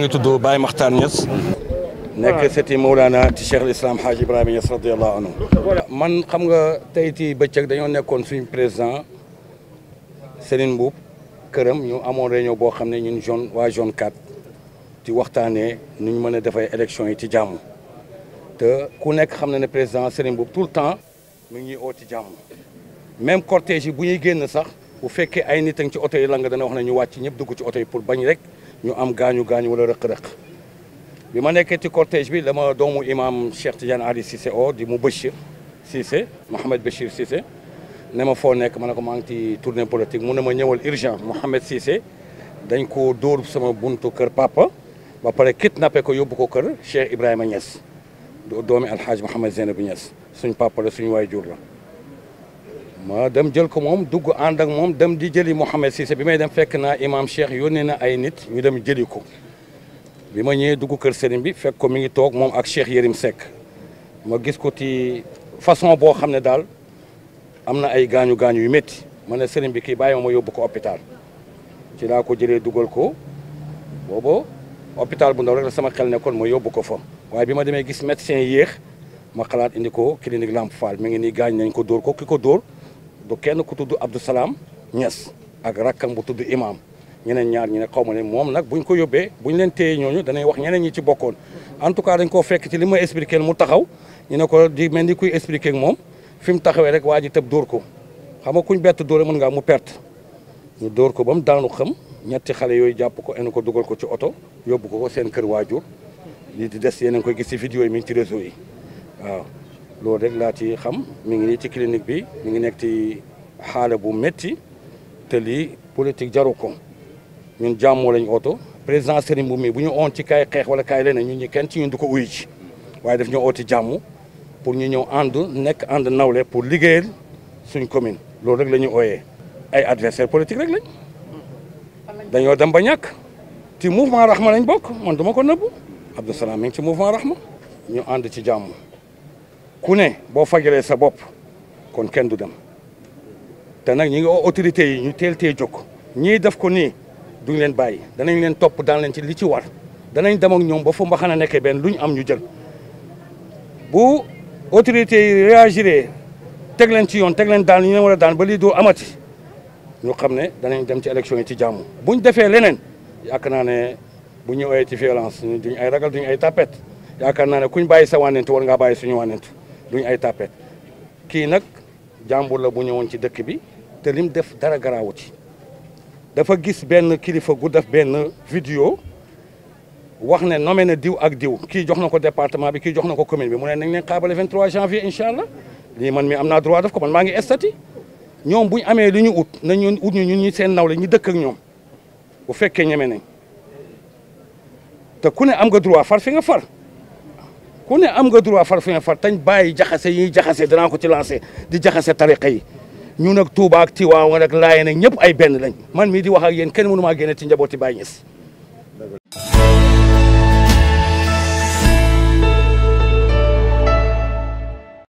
ngi tudd Baye Makhtar Niass. nekk sëti ah. Mawlana ci Cheikh Islam Hadj Ibrahima Niass radiyallahu anhu man xam nga tey ci bëccëg dañoo nekkoon suñu président Serigne Mboup këram ñu amoon réunion boo xam ne ñun zone waa zone 4 ci waxtaanee nu ñu mën a defee élection yi ci jàmm te ku nekk xam na ne président Serigne Mboup tout le temps mu ngi oo ci jàmm même cortège yi bu ñuy génn sax bu fekkee ay nit a ngi ci oto yi la nga dana wax ne ñu wàcc ñëpp dugg ci oto yi pour bañ rek. ñu am gaañu gaañu wala rëq-rëq bi ma nekkee ci cortège bi dama doomu imam Cheikh Tidiane Ali Cissé o di mu Bachir Cissé Mohamed Bachir Cissé ne ma foo nekk ma ne ko maa ngi ci tournée politique mu ne ma ñëwal urgent Mohamed Cissé dañ ko dóor sama buntu kër papa ba pare kidnappé ko yóbbu ko kër Cheikh Ibrahima Niass doomi alhaaj Mohamed Zeynab Niass suñ papa la suñu waay jur la ma dem jël ko moom dugg ànd ak moom dem di jëli Mouhamed Cissé bi may dem fekk naa imam Cheikh yónnee na ay nit ñu dem jëli ko bi ma ñëwee dugg kër sëriñ bi fekk ko mi ngi toog moom ak Cheikh Yérim sekk ma gis ko ci façon boo xam ne daal am na ay gaañu gaañu yu metti ma ne sëriñ bi kii bàyyi ma ma yóbbu ko hôpital ci laa ko jëlee dugal ko boobu hôpital bu ndaw rek sama xel nekkoon ma yóbbu ko fa waaye bi ma demee gis médecin yéex ma xalaat indi ko clinique Lamp Fall mi ngi nii gaañ nañ ko dóor ko ki ko dóor. du kenn ku tudd Abdou Salaam Niass ak rakkam bu tudd Imaam ñeneen ñaar ñi ne xaw ma ne moom nag buñ ko yóbbee bu ñu leen téye ñooñu danay wax ñeneen ñi ci bokkoon en tout cas dañ koo fekk ci li may expliqué mu taxaw ñu ne ko di mel ni kuy expliqué moom fi mu taxawee rek waa ji tëb dóor ko xam nga kuñ bett dóore mën nga mu pert ñu dóor ko ba mu daanu xam ñetti xale yooyu jàpp ko en ko dugal ko ci oto yóbbu ko ko seen kër waajur li di des yeneen koy gis ci vidéo mi ngi ci réseau yi waaw loolu rek laa ci xam mi ngi nii ci clinique bi mi ngi nekk ci xaale bu metti te lii politique jaru ko ñun jàmmoo lañ oto président Serigne bu mi bu ñu oon ci kay xeex wala kaay leneen ñu ñi kenn ti ñun du ko uyu waaye daf ñu ooti jàmm pour ñu ñëw ànd nekk ànd nawle pour liggéeyal suñ commune loolu rek la ñu ooyee ay adversaire politique rek lañ dañoo dem ba ñakk ci mouvement rahma lañ bokk man duma ko nëbbu Abdou Salam mi ngi ci mouvement rahma ñu ànd ci jàmm ku ne boo fajalee sa bopp kon kenn du dem te nag ñi ngi autorité yi ñu teel tee jóg ñii def ko nii duñ leen bàyyi danañ leen topp daan leen ci li ci war danañ dem ak ñoom ba fa mbaxana nekke benn lu ñu am ñu jël bu autorité yi réagiré teg leen ci yoon teg daal daan ñu leen war a daan ba lii doo amati ñu xam ne danañ dem ci élection yi ci jàmm buñ defee leneen yaakaar naa ne bu ñu oyee ci violence duñ ay ragal duñ ay tapette yaakaar naa ne kuñ bàyyi sa wànnentu war ngaa bàyyi suñu wànnentu duñu ay tapet kii nag jàmbur la bu ñëwoon ci dëkk bi te lim def dara garaawu ci dafa gis benn kilifa gu def benn vidéo wax ne nommé na diw ak diw kii jox na ko departement bi kii jox na ko commune bi mu ne nañ leen xaabale 23 janvier incha allah lii man mi am na droit def ko man maa ngi estati ñoom bu ñu amee lu ñu ut nañ ut ñu ñun ñu seen nawle ñu dëkk ak ñoom bu fekkee ñeme nañ te ku ne am nga droit far fi nga far ku ne am nga droit far fi nga far tañ bàyyi jaxase yi jaxase danaa ko ci lancé di jaxase tariqa yi ñu nag Touba ak Tiwaawan ak Laayeen ak ñëpp ay benn lañ man mii di wax ak yéen kenn mënu maa génne ci njabooti Baay Ñas